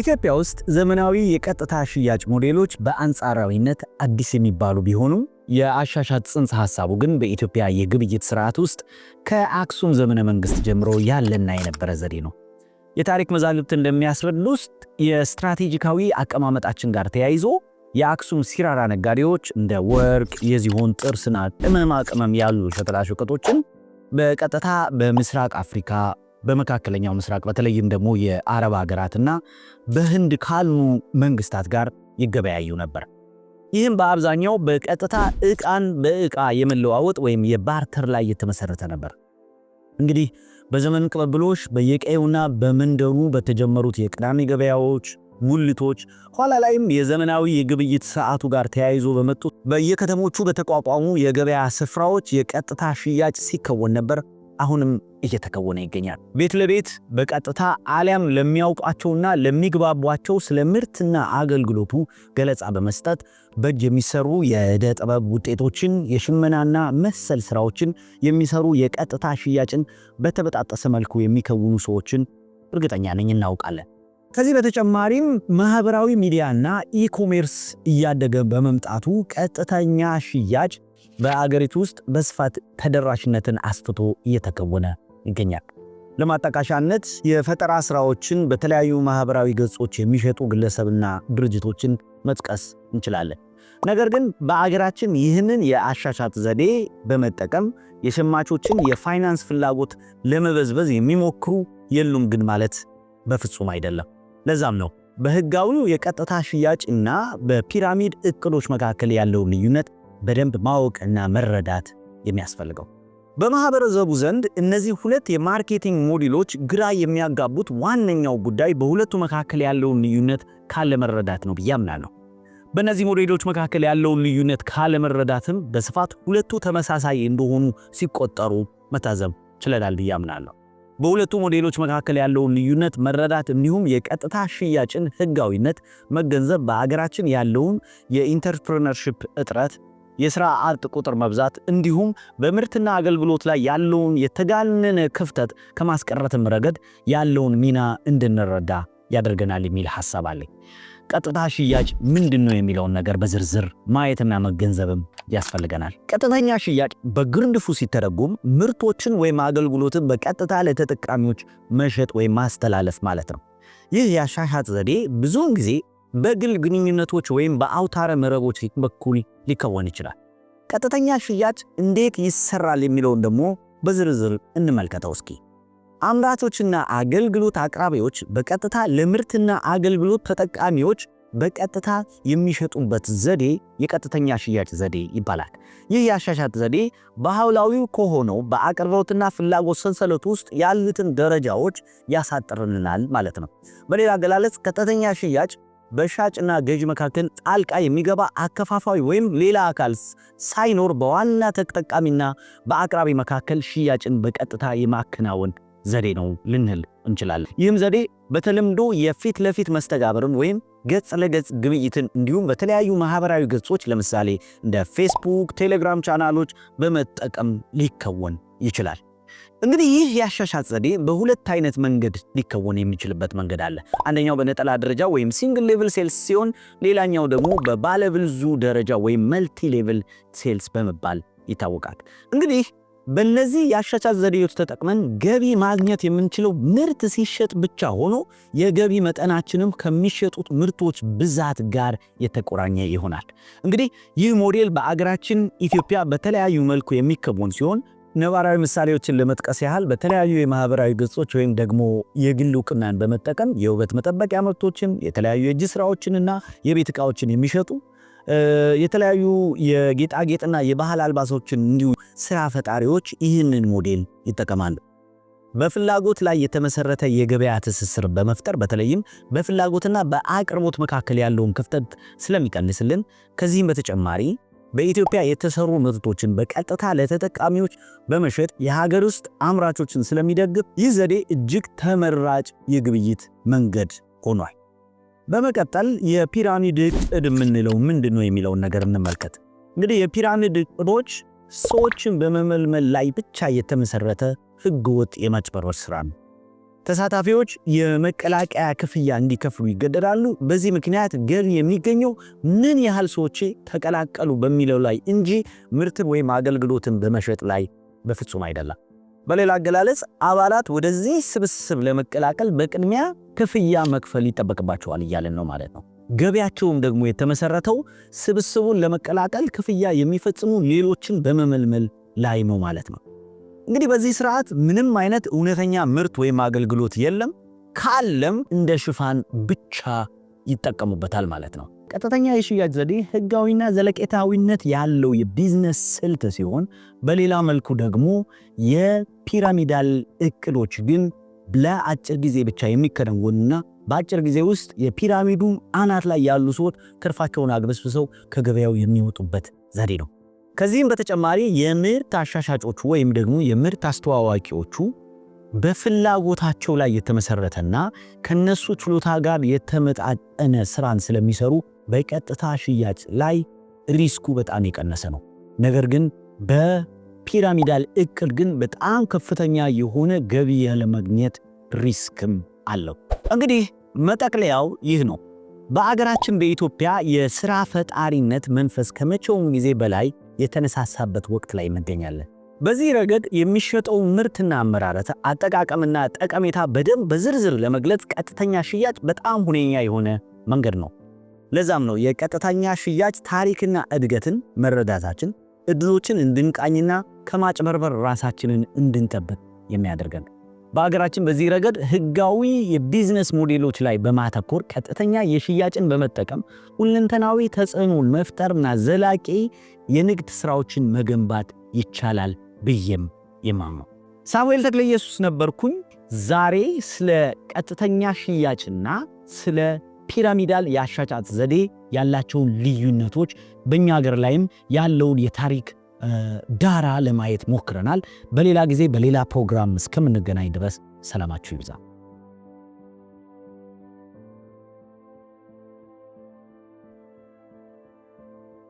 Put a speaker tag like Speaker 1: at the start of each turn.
Speaker 1: ኢትዮጵያ ውስጥ ዘመናዊ የቀጥታ ሽያጭ ሞዴሎች በአንጻራዊነት አዲስ የሚባሉ ቢሆኑም
Speaker 2: የአሻሻት ጽንሰ ሐሳቡ ግን በኢትዮጵያ የግብይት ስርዓት ውስጥ ከአክሱም ዘመነ መንግስት ጀምሮ ያለና የነበረ ዘዴ ነው። የታሪክ መዛግብት እንደሚያስረዱ ውስጥ የስትራቴጂካዊ አቀማመጣችን ጋር ተያይዞ የአክሱም ሲራራ ነጋዴዎች እንደ ወርቅ፣ የዝሆን ጥርስና ቅመማ ቅመም ያሉ ሸቀጣሸቀጦችን በቀጥታ በምስራቅ አፍሪካ በመካከለኛው ምስራቅ በተለይም ደግሞ የአረብ ሀገራትና በህንድ ካሉ መንግስታት ጋር ይገበያዩ ነበር። ይህም በአብዛኛው በቀጥታ ዕቃን በዕቃ የመለዋወጥ ወይም የባርተር ላይ የተመሰረተ ነበር። እንግዲህ በዘመን ቅብብሎሽ በየቀዩና በመንደሩ በተጀመሩት የቅዳሜ ገበያዎች ውልቶች ኋላ ላይም የዘመናዊ የግብይት ሰዓቱ ጋር ተያይዞ በመጡ በየከተሞቹ በተቋቋሙ የገበያ ስፍራዎች የቀጥታ ሽያጭ ሲከወን ነበር። አሁንም እየተከወነ ይገኛል። ቤት ለቤት በቀጥታ አሊያም ለሚያውቋቸውና ለሚግባቧቸው ስለ ምርትና አገልግሎቱ ገለጻ በመስጠት በእጅ የሚሰሩ የእደ ጥበብ ውጤቶችን የሽመናና መሰል ስራዎችን የሚሰሩ የቀጥታ ሽያጭን በተበጣጠሰ መልኩ የሚከውኑ ሰዎችን እርግጠኛ ነኝ እናውቃለን። ከዚህ በተጨማሪም ማህበራዊ ሚዲያና ኢኮሜርስ እያደገ በመምጣቱ ቀጥተኛ ሽያጭ በአገሪቱ ውስጥ በስፋት ተደራሽነትን አስፍቶ እየተከወነ ይገኛል። ለማጣቃሻነት የፈጠራ ስራዎችን በተለያዩ ማህበራዊ ገጾች የሚሸጡ ግለሰብና ድርጅቶችን መጥቀስ እንችላለን። ነገር ግን በአገራችን ይህንን የአሻሻጥ ዘዴ በመጠቀም የሸማቾችን የፋይናንስ ፍላጎት ለመበዝበዝ የሚሞክሩ የሉም ግን ማለት በፍጹም አይደለም። ለዛም ነው በህጋዊው የቀጥታ ሽያጭ እና በፒራሚድ እቅዶች መካከል ያለውን ልዩነት በደንብ ማወቅ እና መረዳት የሚያስፈልገው። በማህበረሰቡ ዘንድ እነዚህ ሁለት የማርኬቲንግ ሞዴሎች ግራ የሚያጋቡት ዋነኛው ጉዳይ በሁለቱ መካከል ያለውን ልዩነት ካለመረዳት ነው ብዬ አምናለሁ። በእነዚህ ሞዴሎች መካከል ያለውን ልዩነት ካለመረዳትም በስፋት ሁለቱ ተመሳሳይ እንደሆኑ ሲቆጠሩ መታዘብ ችለናል ብዬ አምናለሁ። በሁለቱ ሞዴሎች መካከል ያለውን ልዩነት መረዳት እንዲሁም የቀጥታ ሽያጭን ህጋዊነት መገንዘብ በአገራችን ያለውን የኢንተርፕረነርሺፕ እጥረት የሥራ አጥ ቁጥር መብዛት እንዲሁም በምርትና አገልግሎት ላይ ያለውን የተጋነነ ክፍተት ከማስቀረትም ረገድ ያለውን ሚና እንድንረዳ ያደርገናል የሚል ሐሳብ አለኝ። ቀጥታ ሽያጭ ምንድን ነው የሚለውን ነገር በዝርዝር ማየትና መገንዘብም ያስፈልገናል። ቀጥተኛ ሽያጭ በግርድፉ ሲተረጉም ምርቶችን ወይም አገልግሎትን በቀጥታ ለተጠቃሚዎች መሸጥ ወይም ማስተላለፍ ማለት ነው። ይህ የአሻሻጥ ዘዴ ብዙውን ጊዜ በግል ግንኙነቶች ወይም በአውታረ መረቦች በኩል ሊከወን ይችላል። ቀጥተኛ ሽያጭ እንዴት ይሰራል የሚለውን ደግሞ በዝርዝር እንመልከተው እስኪ። አምራቾችና አገልግሎት አቅራቢዎች በቀጥታ ለምርትና አገልግሎት ተጠቃሚዎች በቀጥታ የሚሸጡበት ዘዴ የቀጥተኛ ሽያጭ ዘዴ ይባላል። ይህ የአሻሻጥ ዘዴ በሐውላዊው ከሆነው በአቅርቦትና ፍላጎት ሰንሰለት ውስጥ ያሉትን ደረጃዎች ያሳጥርልናል ማለት ነው። በሌላ አገላለጽ ቀጥተኛ ሽያጭ በሻጭና ገዥ መካከል ጣልቃ የሚገባ አከፋፋይ ወይም ሌላ አካል ሳይኖር በዋና ተጠቃሚና በአቅራቢ መካከል ሽያጭን በቀጥታ የማከናወን ዘዴ ነው ልንል እንችላለን። ይህም ዘዴ በተለምዶ የፊት ለፊት መስተጋብርን ወይም ገጽ ለገጽ ግብይትን እንዲሁም በተለያዩ ማህበራዊ ገጾች ለምሳሌ እንደ ፌስቡክ፣ ቴሌግራም ቻናሎች በመጠቀም ሊከወን ይችላል። እንግዲህ ይህ የአሻሻጥ ዘዴ በሁለት አይነት መንገድ ሊከወን የሚችልበት መንገድ አለ። አንደኛው በነጠላ ደረጃ ወይም ሲንግል ሌቭል ሴልስ ሲሆን፣ ሌላኛው ደግሞ በባለብዙ ደረጃ ወይም መልቲ ሌቭል ሴልስ በመባል ይታወቃል። እንግዲህ በእነዚህ የአሻሻጥ ዘዴዎች ተጠቅመን ገቢ ማግኘት የምንችለው ምርት ሲሸጥ ብቻ ሆኖ የገቢ መጠናችንም ከሚሸጡት ምርቶች ብዛት ጋር የተቆራኘ ይሆናል። እንግዲህ ይህ ሞዴል በአገራችን ኢትዮጵያ በተለያዩ መልኩ የሚከወን ሲሆን ነባራዊ ምሳሌዎችን ለመጥቀስ ያህል በተለያዩ የማህበራዊ ገጾች ወይም ደግሞ የግል እውቅናን በመጠቀም የውበት መጠበቂያ ምርቶችን፣ የተለያዩ የእጅ ስራዎችንና የቤት እቃዎችን የሚሸጡ የተለያዩ የጌጣጌጥና የባህል አልባሶችን እንዲሁ ስራ ፈጣሪዎች ይህንን ሞዴል ይጠቀማሉ። በፍላጎት ላይ የተመሰረተ የገበያ ትስስር በመፍጠር በተለይም በፍላጎትና በአቅርቦት መካከል ያለውን ክፍተት ስለሚቀንስልን ከዚህም በተጨማሪ በኢትዮጵያ የተሰሩ ምርቶችን በቀጥታ ለተጠቃሚዎች በመሸጥ የሀገር ውስጥ አምራቾችን ስለሚደግፍ ይህ ዘዴ እጅግ ተመራጭ የግብይት መንገድ ሆኗል። በመቀጠል የፒራሚድ እቅድ የምንለው ምንድን ነው የሚለውን ነገር እንመልከት። እንግዲህ የፒራሚድ እቅዶች ሰዎችን በመመልመል ላይ ብቻ የተመሰረተ ህገወጥ የማጭበርበር ስራ ነው። ተሳታፊዎች የመቀላቀያ ክፍያ እንዲከፍሉ ይገደዳሉ። በዚህ ምክንያት ገቢ የሚገኘው ምን ያህል ሰዎች ተቀላቀሉ በሚለው ላይ እንጂ ምርትን ወይም አገልግሎትን በመሸጥ ላይ በፍጹም አይደለም። በሌላ አገላለጽ አባላት ወደዚህ ስብስብ ለመቀላቀል በቅድሚያ ክፍያ መክፈል ይጠበቅባቸዋል እያለን ነው ማለት ነው። ገቢያቸውም ደግሞ የተመሰረተው ስብስቡን ለመቀላቀል ክፍያ የሚፈጽሙ ሌሎችን በመመልመል ላይ ነው ማለት ነው። እንግዲህ በዚህ ስርዓት ምንም አይነት እውነተኛ ምርት ወይም አገልግሎት የለም። ካለም እንደ ሽፋን ብቻ ይጠቀሙበታል ማለት ነው። ቀጥተኛ የሽያጭ ዘዴ ህጋዊና ዘለቄታዊነት ያለው የቢዝነስ ስልት ሲሆን፣ በሌላ መልኩ ደግሞ የፒራሚዳል እቅዶች ግን ለአጭር ጊዜ ብቻ የሚከናወኑና በአጭር ጊዜ ውስጥ የፒራሚዱ አናት ላይ ያሉ ሰዎች ትርፋቸውን አግበስብሰው ከገበያው የሚወጡበት ዘዴ ነው። ከዚህም በተጨማሪ የምርት አሻሻጮቹ ወይም ደግሞ የምርት አስተዋዋቂዎቹ በፍላጎታቸው ላይ የተመሰረተና ከነሱ ችሎታ ጋር የተመጣጠነ ስራን ስለሚሰሩ በቀጥታ ሽያጭ ላይ ሪስኩ በጣም የቀነሰ ነው። ነገር ግን በፒራሚዳል እቅድ ግን በጣም ከፍተኛ የሆነ ገቢ ያለማግኘት ሪስክም አለው። እንግዲህ መጠቅለያው ይህ ነው። በአገራችን በኢትዮጵያ የስራ ፈጣሪነት መንፈስ ከመቼውም ጊዜ በላይ የተነሳሳበት ወቅት ላይ እንገኛለን። በዚህ ረገድ የሚሸጠው ምርትና አመራረት አጠቃቀምና ጠቀሜታ በደንብ በዝርዝር ለመግለጽ ቀጥተኛ ሽያጭ በጣም ሁነኛ የሆነ መንገድ ነው። ለዛም ነው የቀጥተኛ ሽያጭ ታሪክና እድገትን መረዳታችን እድሎችን እንድንቃኝና ከማጭበርበር ራሳችንን እንድንጠብቅ የሚያደርገን። በሀገራችን በዚህ ረገድ ህጋዊ የቢዝነስ ሞዴሎች ላይ በማተኮር ቀጥተኛ የሽያጭን በመጠቀም ሁለንተናዊ ተጽዕኖን መፍጠርና ዘላቂ የንግድ ስራዎችን መገንባት ይቻላል ብዬም የማምነው። ሳሙኤል ተክለ ኢየሱስ ነበርኩኝ። ዛሬ ስለ ቀጥተኛ ሽያጭና ስለ ፒራሚዳል የአሻጫት ዘዴ ያላቸውን ልዩነቶች፣ በእኛ ሀገር ላይም ያለውን የታሪክ ዳራ ለማየት ሞክረናል። በሌላ ጊዜ በሌላ ፕሮግራም እስከምንገናኝ ድረስ ሰላማችሁ ይብዛ።